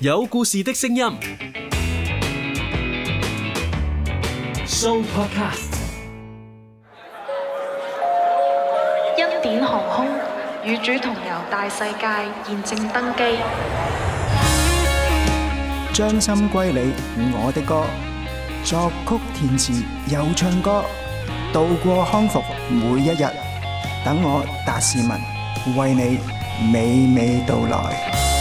有故事的聲音，Show Podcast。恩典航空與主同遊大世界現正登機。將心歸你，我的歌，作曲填詞又唱歌，度過康復每一日，等我達士文為你娓娓道來。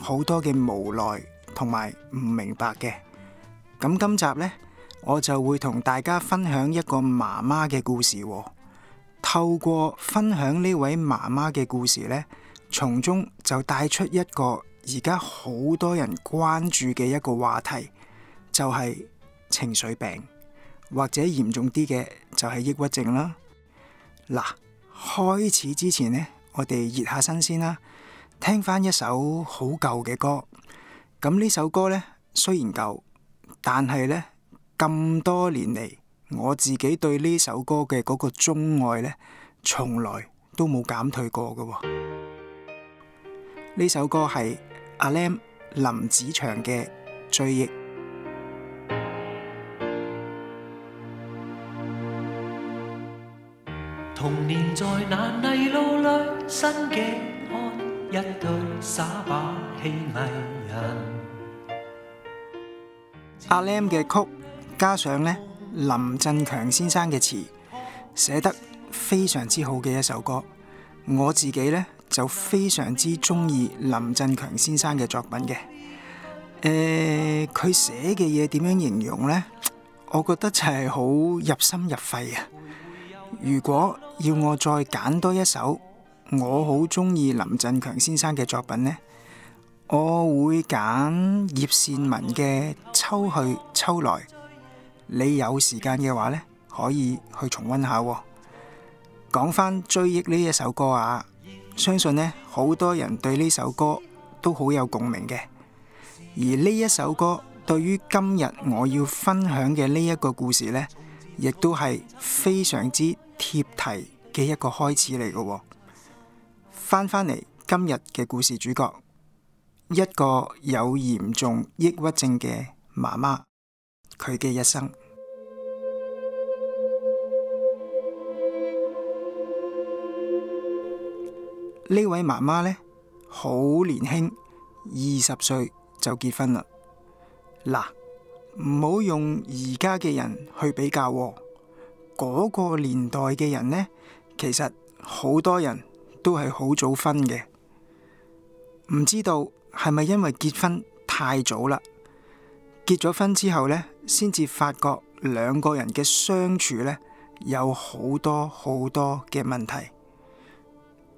好多嘅無奈同埋唔明白嘅，咁今集呢，我就會同大家分享一個媽媽嘅故事。透過分享呢位媽媽嘅故事呢，從中就帶出一個而家好多人關注嘅一個話題，就係情緒病，或者嚴重啲嘅就係抑鬱症啦。嗱，開始之前呢，我哋熱下身先啦。聽返一首好舊嘅歌，咁呢首歌呢，雖然舊，但係呢，咁多年嚟，我自己對呢首歌嘅嗰個鍾愛呢，從來都冇減退過嘅喎。呢首歌係阿 Lam 林子祥嘅《追憶》。童年在那泥路裡，新嘅。阿 Lam 嘅曲加上呢林振強先生嘅詞，寫得非常之好嘅一首歌。我自己呢，就非常之中意林振強先生嘅作品嘅。誒、呃，佢寫嘅嘢點樣形容呢？我覺得就係好入心入肺啊！如果要我再揀多一首。我好中意林振強先生嘅作品呢，我會揀葉倩文嘅《秋去秋來》。你有時間嘅話呢，可以去重溫下。講翻追憶呢一首歌啊，相信呢好多人對呢首歌都好有共鳴嘅。而呢一首歌對於今日我要分享嘅呢一個故事呢，亦都係非常之貼題嘅一個開始嚟嘅。翻返嚟今日嘅故事主角，一個有嚴重抑鬱症嘅媽媽，佢嘅一生呢位媽媽呢好年輕，二十歲就結婚啦。嗱，唔好用而家嘅人去比較喎。嗰個年代嘅人呢，其實好多人。都係好早婚嘅，唔知道係咪因為結婚太早啦？結咗婚之後呢，先至發覺兩個人嘅相處呢，有好多好多嘅問題。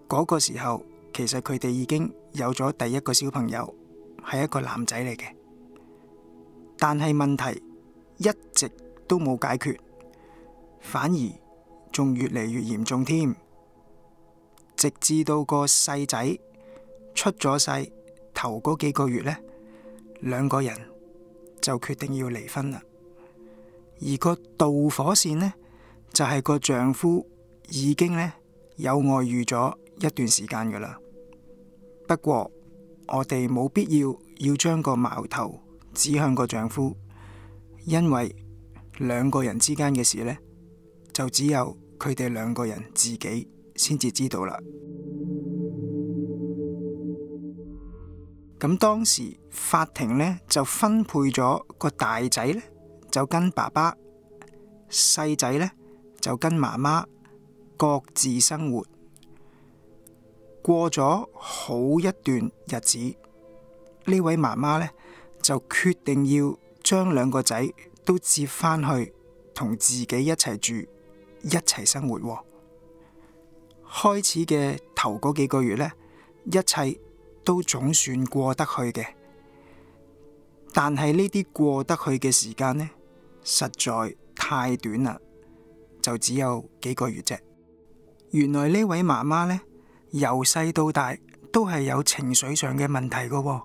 嗰個時候，其實佢哋已經有咗第一個小朋友，係一個男仔嚟嘅，但係問題一直都冇解決，反而仲越嚟越嚴重添。直至到個細仔出咗世頭嗰幾個月呢，兩個人就決定要離婚啦。而個導火線呢，就係個丈夫已經呢有外遇咗一段時間噶啦。不過我哋冇必要要將個矛頭指向個丈夫，因為兩個人之間嘅事呢，就只有佢哋兩個人自己。先至知道啦。咁當時法庭呢就分配咗個大仔呢就跟爸爸，細仔呢就跟媽媽各自生活。過咗好一段日子，呢位媽媽呢就決定要將兩個仔都接返去同自己一齊住，一齊生活喎。開始嘅頭嗰幾個月呢，一切都總算過得去嘅。但係呢啲過得去嘅時間呢，實在太短啦，就只有幾個月啫。原來呢位媽媽呢，由細到大都係有情緒上嘅問題噶喎，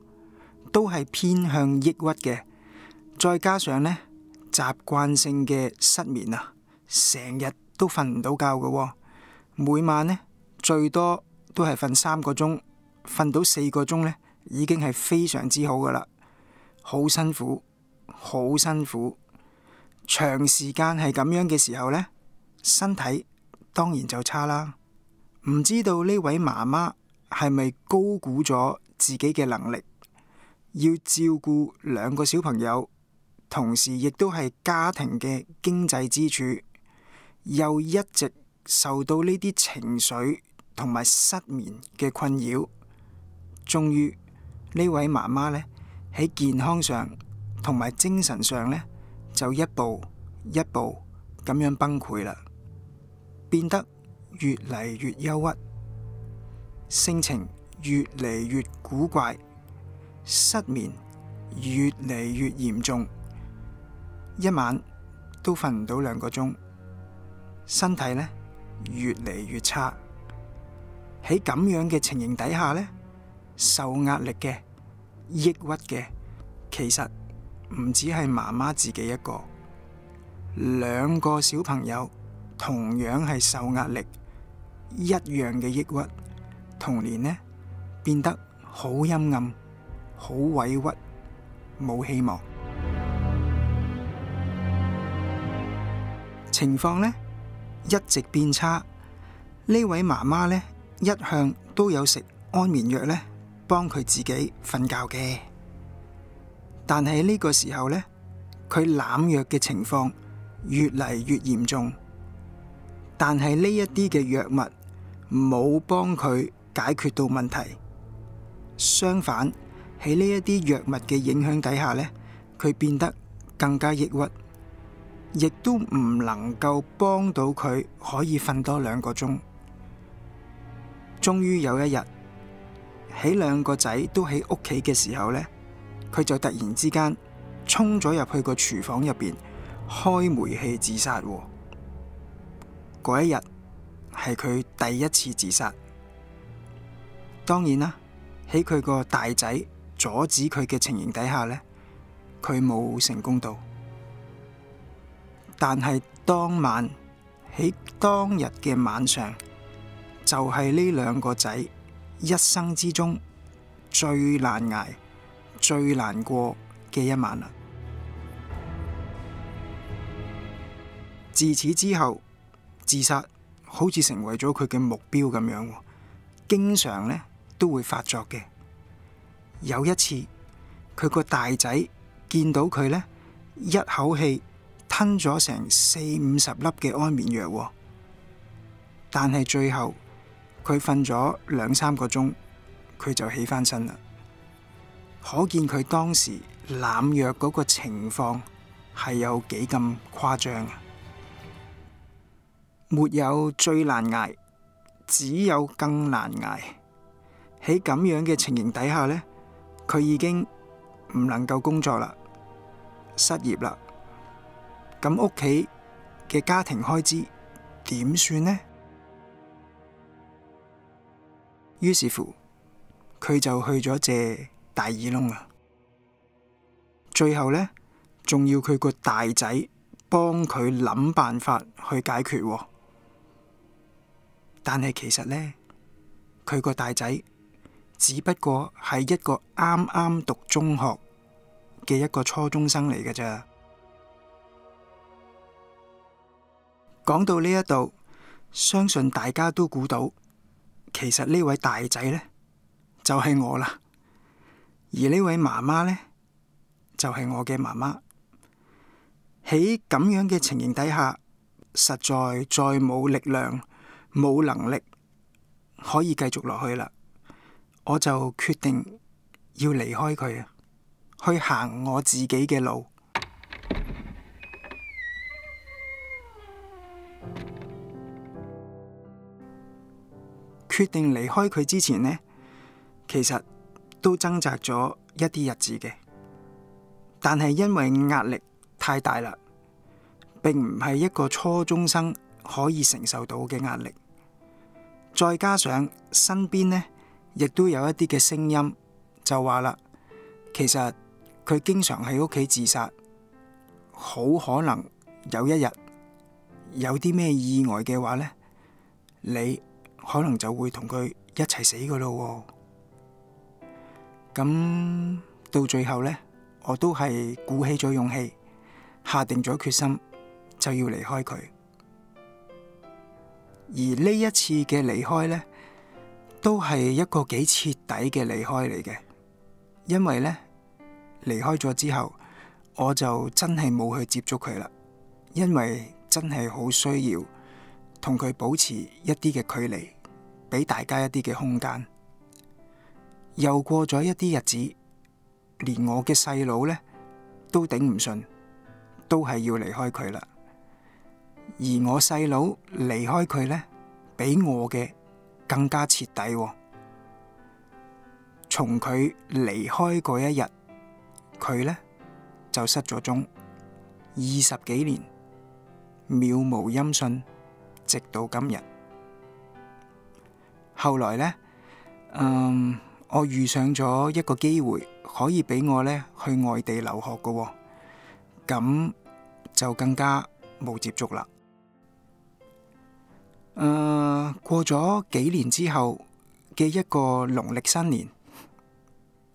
都係偏向抑鬱嘅，再加上呢，習慣性嘅失眠啊，成日都瞓唔到覺噶喎。每晚呢，最多都係瞓三個鐘，瞓到四個鐘呢，已經係非常之好㗎喇。好辛苦，好辛苦，長時間係咁樣嘅時候呢，身體當然就差啦。唔知道呢位媽媽係咪高估咗自己嘅能力，要照顧兩個小朋友，同時亦都係家庭嘅經濟支柱，又一直，受到呢啲情緒同埋失眠嘅困擾，終於呢位媽媽呢喺健康上同埋精神上呢就一步一步咁樣崩潰啦，變得越嚟越憂鬱，性情越嚟越古怪，失眠越嚟越嚴重，一晚都瞓唔到兩個鐘，身體呢。越嚟越差，喺咁樣嘅情形底下，呢受壓力嘅、抑鬱嘅，其實唔止係媽媽自己一個，兩個小朋友同樣係受壓力，一樣嘅抑鬱，童年呢，變得好陰暗、好委屈、冇希望，情況呢，一直變差，呢位媽媽呢，一向都有食安眠藥呢幫佢自己瞓覺嘅，但係呢個時候呢，佢濫藥嘅情況越嚟越嚴重，但係呢一啲嘅藥物冇幫佢解決到問題，相反喺呢一啲藥物嘅影響底下呢，佢變得更加抑鬱。亦都唔能夠幫到佢可以瞓多兩個鐘。終於有一日，喺兩個仔都喺屋企嘅時候，呢佢就突然之間衝咗入去個廚房入邊開煤氣自殺。嗰一日係佢第一次自殺。當然啦，喺佢個大仔阻止佢嘅情形底下，呢佢冇成功到。但係當晚喺當日嘅晚上，就係呢兩個仔一生之中最難捱，最難過嘅一晚啦。自此之後，自殺好似成為咗佢嘅目標咁樣，經常呢都會發作嘅。有一次，佢個大仔見到佢呢，一口氣。吞咗成四五十粒嘅安眠藥，但係最後佢瞓咗兩三個鐘，佢就起翻身啦。可見佢當時濫藥嗰個情況係有幾咁誇張啊！沒有最難挨，只有更難挨。喺咁樣嘅情形底下呢，佢已經唔能夠工作啦，失業啦。咁屋企嘅家庭開支點算呢？於是乎，佢就去咗借大耳窿啊！最後呢，仲要佢個大仔幫佢諗辦法去解決。但係其實呢，佢個大仔只不過係一個啱啱讀中學嘅一個初中生嚟㗎咋。講到呢一度，相信大家都估到，其實呢位大仔呢，就係我啦，而呢位媽媽呢，就係我嘅媽媽。喺咁樣嘅情形底下，實在再冇力量，冇能力可以繼續落去啦，我就決定要離開佢啊，去行我自己嘅路。決定離開佢之前呢，其實都掙扎咗一啲日子嘅，但係因為壓力太大啦，並唔係一個初中生可以承受到嘅壓力。再加上身邊呢，亦都有一啲嘅聲音，就話啦，其實佢經常喺屋企自殺，好可能有一日，有啲咩意外嘅話呢，你可能就會同佢一齊死㗎咯。咁到最後呢，我都係鼓起咗勇氣，下定咗決心就要離開佢。而呢一次嘅離開呢，都係一個幾徹底嘅離開嚟嘅，因為呢，離開咗之後，我就真係冇去接觸佢啦，因為。真係好需要同佢保持一啲嘅距離，俾大家一啲嘅空間。又過咗一啲日子，連我嘅細佬呢都頂唔順，都係要離開佢啦。而我細佬離開佢呢，比我嘅更加徹底喎。從佢離開嗰一日，佢呢就失咗蹤，二十幾年。渺無音訊，直到今日。後來呢，嗯，我遇上咗一個機會，可以俾我呢去外地留學噶、喎，咁就更加冇接觸啦。誒、嗯，過咗幾年之後嘅一個農曆新年，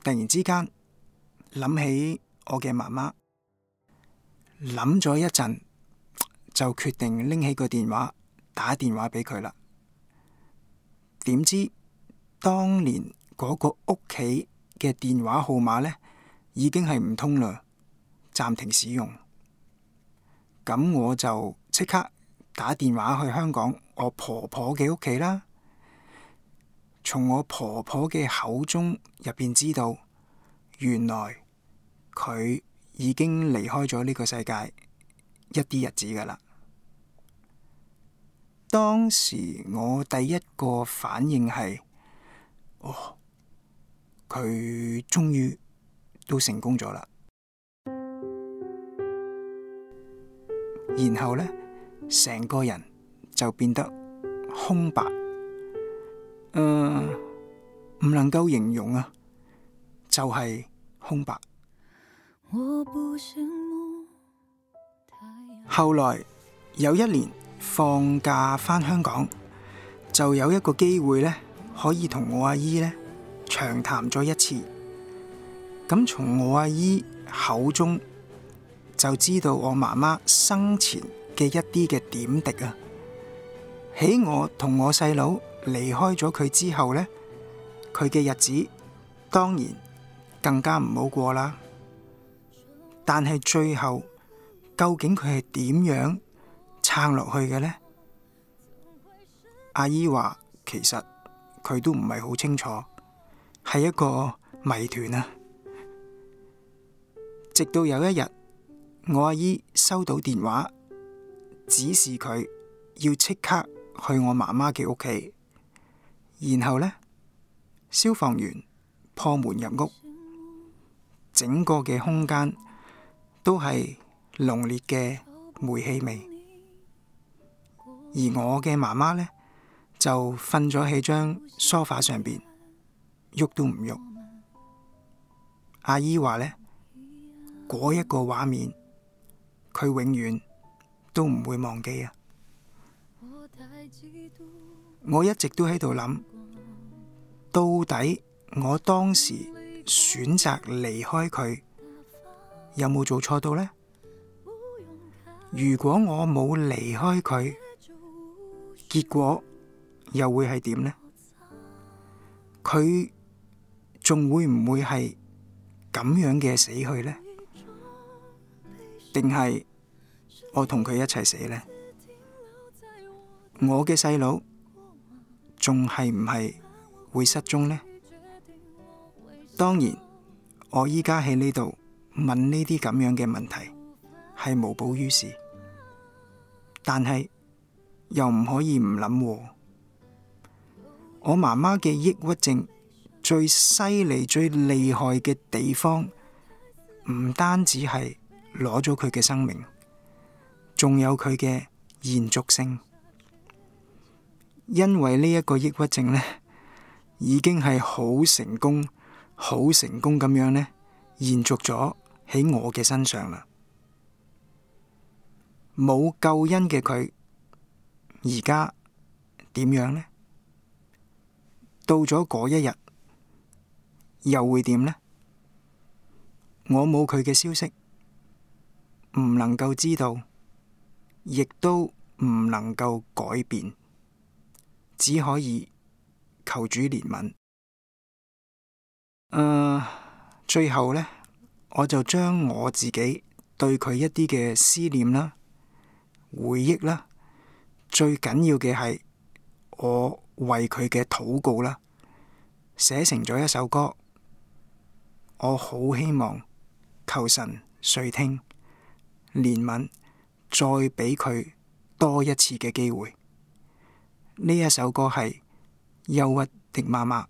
突然之間諗起我嘅媽媽，諗咗一陣。就決定拎起個電話，打電話俾佢啦。點知當年嗰個屋企嘅電話號碼呢，已經係唔通啦，暫停使用。咁我就即刻打電話去香港我婆婆嘅屋企啦。從我婆婆嘅口中入邊知道，原來佢已經離開咗呢個世界一啲日子噶啦。當時我第一個反應係，哦，佢終於都成功咗啦。然後呢，成個人就變得空白，誒、呃，唔能夠形容啊，就係、是、空白。後來有一年。放假返香港，就有一個機會呢，可以同我阿姨呢長談咗一次。咁從我阿姨口中，就知道我媽媽生前嘅一啲嘅點滴啊。喺我同我細佬離開咗佢之後呢，佢嘅日子當然更加唔好過啦。但係最後，究竟佢係點樣？撐落去嘅呢？阿姨話其實佢都唔係好清楚，係一個謎團啊！直到有一日，我阿姨收到電話，指示佢要即刻去我媽媽嘅屋企，然後呢，消防員破門入屋，整個嘅空間都係濃烈嘅煤氣味。而我嘅媽媽呢，就瞓咗喺張梳化上邊，喐都唔喐。阿姨話呢，嗰一個畫面，佢永遠都唔會忘記啊！我一直都喺度諗，到底我當時選擇離開佢，有冇做錯到呢？如果我冇離開佢，結果又會係點呢？佢仲會唔會係咁樣嘅死去呢？定係我同佢一齊死呢？我嘅細佬仲係唔係會失蹤呢？當然，我依家喺呢度問呢啲咁樣嘅問題係無補於事，但係，又唔可以唔諗喎，我媽媽嘅抑鬱症最犀利、最厲害嘅地方，唔單止係攞咗佢嘅生命，仲有佢嘅延續性。因為呢一個抑鬱症呢，已經係好成功、好成功咁樣呢，延續咗喺我嘅身上啦，冇救恩嘅佢。而家點樣呢？到咗嗰一日又會點呢？我冇佢嘅消息，唔能夠知道，亦都唔能夠改變，只可以求主憐憫。呃，最後呢，我就將我自己對佢一啲嘅思念啦、回憶啦。最緊要嘅係我為佢嘅禱告啦，寫成咗一首歌。我好希望求神垂聽，憐憫，再俾佢多一次嘅機會。呢一首歌係《憂鬱的媽媽》。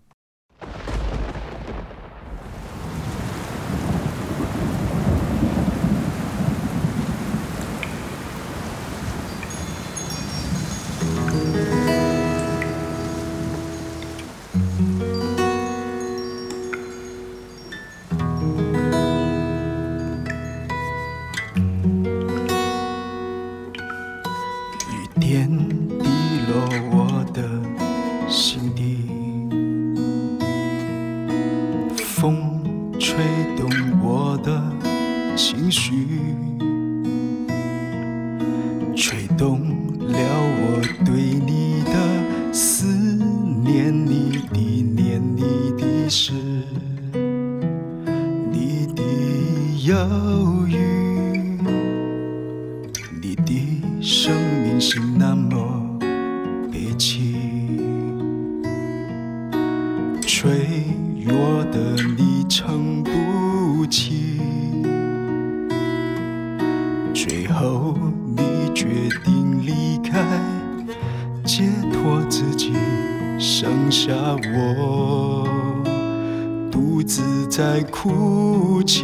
脆弱的你撐不起，最後你決定離開，解脫自己，剩下我獨自在哭泣。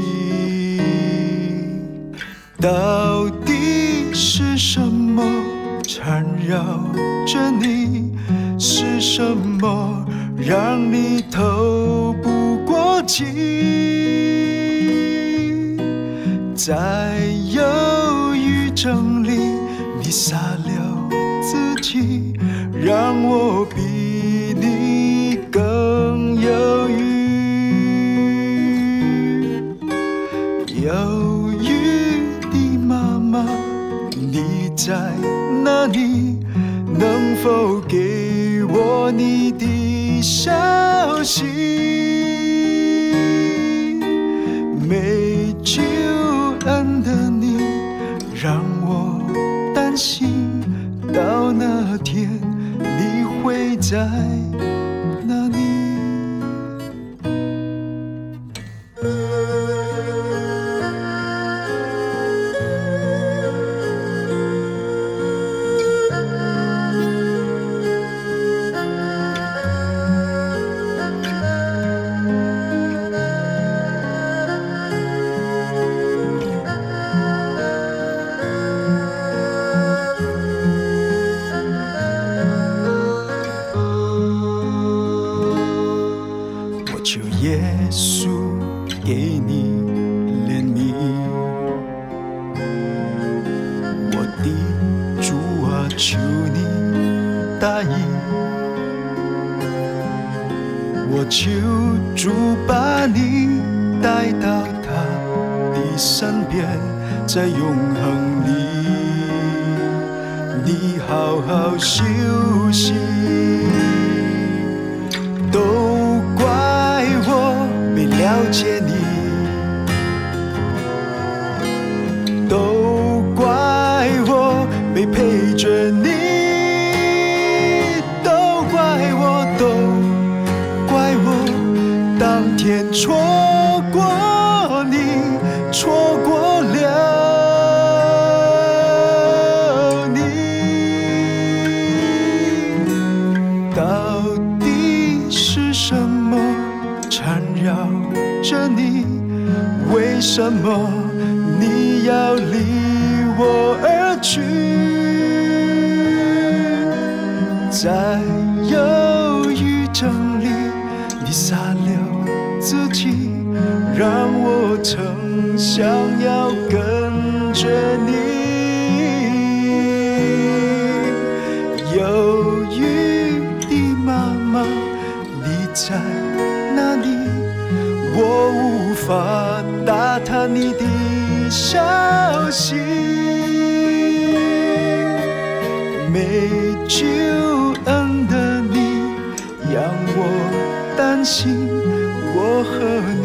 休息，都怪我沒了解你。讓我曾想要跟着你，憂鬱的媽媽，你在哪裏？我無法打探你的消息，沒有你的你，讓我擔心，我和。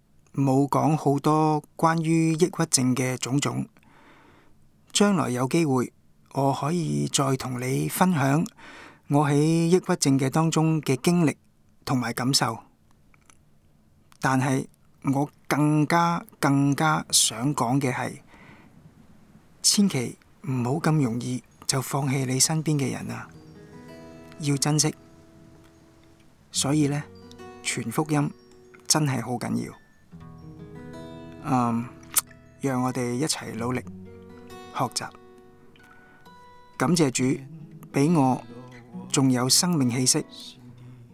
講好多關於抑鬱症嘅種種，將來有機會我可以再同你分享我喺抑鬱症嘅當中嘅經歷同埋感受。但係我更加更加想講嘅係，千祈唔好咁容易就放棄你身邊嘅人啊！要珍惜，所以呢，傳福音真係好緊要。嗯，um, 讓我哋一齊努力學習，感謝主俾我仲有生命氣息，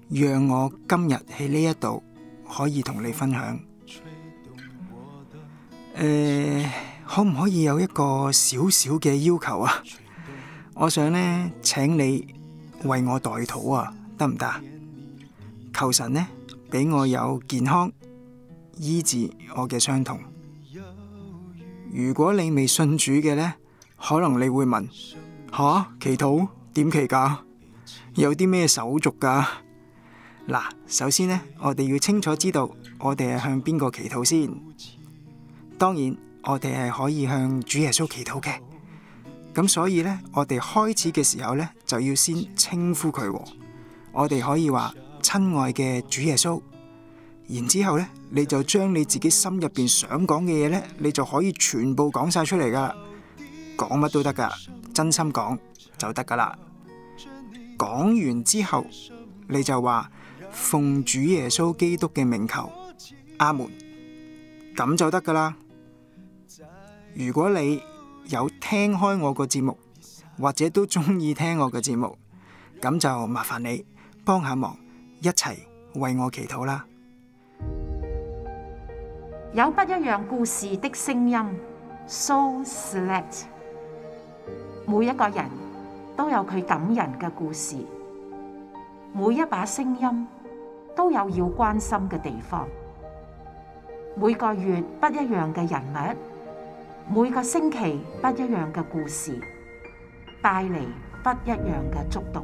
讓我今日喺呢一度可以同你分享。誒，可唔可以有一個小小嘅要求啊？我想呢，請你為我代禱啊，得唔得？求神呢，俾我有健康。醫治我嘅傷痛。如果你未信主嘅呢，可能你會問：吓、啊，祈禱點祈噶？有啲咩手續噶？嗱， 首先呢，我哋要清楚知道我哋係向邊個祈禱先。當然，我哋係可以向主耶穌祈禱嘅。咁所以呢，我哋開始嘅時候呢，就要先稱呼佢。我哋可以話親愛嘅主耶穌。然之後呢。你就將你自己心入邊想講嘅嘢呢，你就可以全部講晒出嚟噶，講乜都得噶，真心講就得噶啦。講完之後，你就話奉主耶穌基督嘅名求，阿門。咁就得噶啦。如果你有聽開我個節目，或者都中意聽我嘅節目，咁就麻煩你幫下忙，一齊為我祈禱啦。有不一樣故事的聲音，So select。每一個人都有佢感人嘅故事，每一把聲音都有要關心嘅地方。每個月不一樣嘅人物，每個星期不一樣嘅故事，帶嚟不一樣嘅觸動。